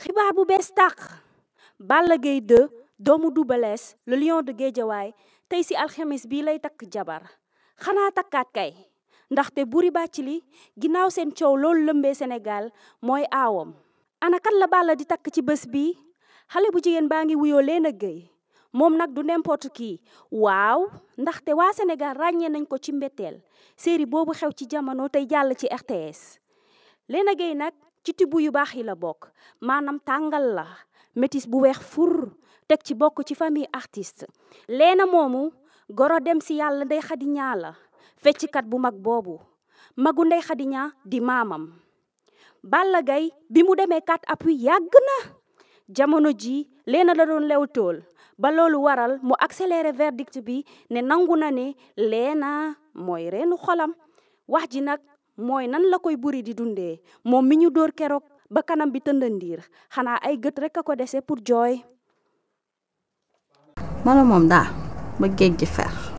xibaar bu bees tàq Balla Gaye 2 doomu Double Less le lion de Guédiawaye tey ci alxemes bii lay takk jabar xanaa takkaat kay ndaxte Boury Bathily ginnaaw seen coow loolu lëmbee Sénégal mooy aawam ana kan la Balla di takk ci bés bi xale bu jigéen baa ngi wuyoo Léna Gueye moom nag du n'importe kii waaw ndaxte waa Sénégal ràññee nañ ko ci mbeteel série boobu xew ci jamono tey jàll ci RTS Léna Gueye nag ci tibb yu baax yi la bokk maanaam tàngal la métis bu weex fur teg ci bokk ci famille artist leena moomu goro dem si yàlla ndey xadiñaa la fecckat bu mag boobu magu ndey xadiñaa di maamam Balla Gaye bi mu demee kat appui yàgg na jamono ji leena la doon lew tool ba loolu waral mu accéléré verdict bi ne nangu na ne leena mooy reenu xolam wax mooy nan la koy buri di dundee moom mi ñu dóor keroog ba kanam bi tëndandiir xanaa ay gët rek a ko dese pour jooy. mana moom daa ba géej gi fer.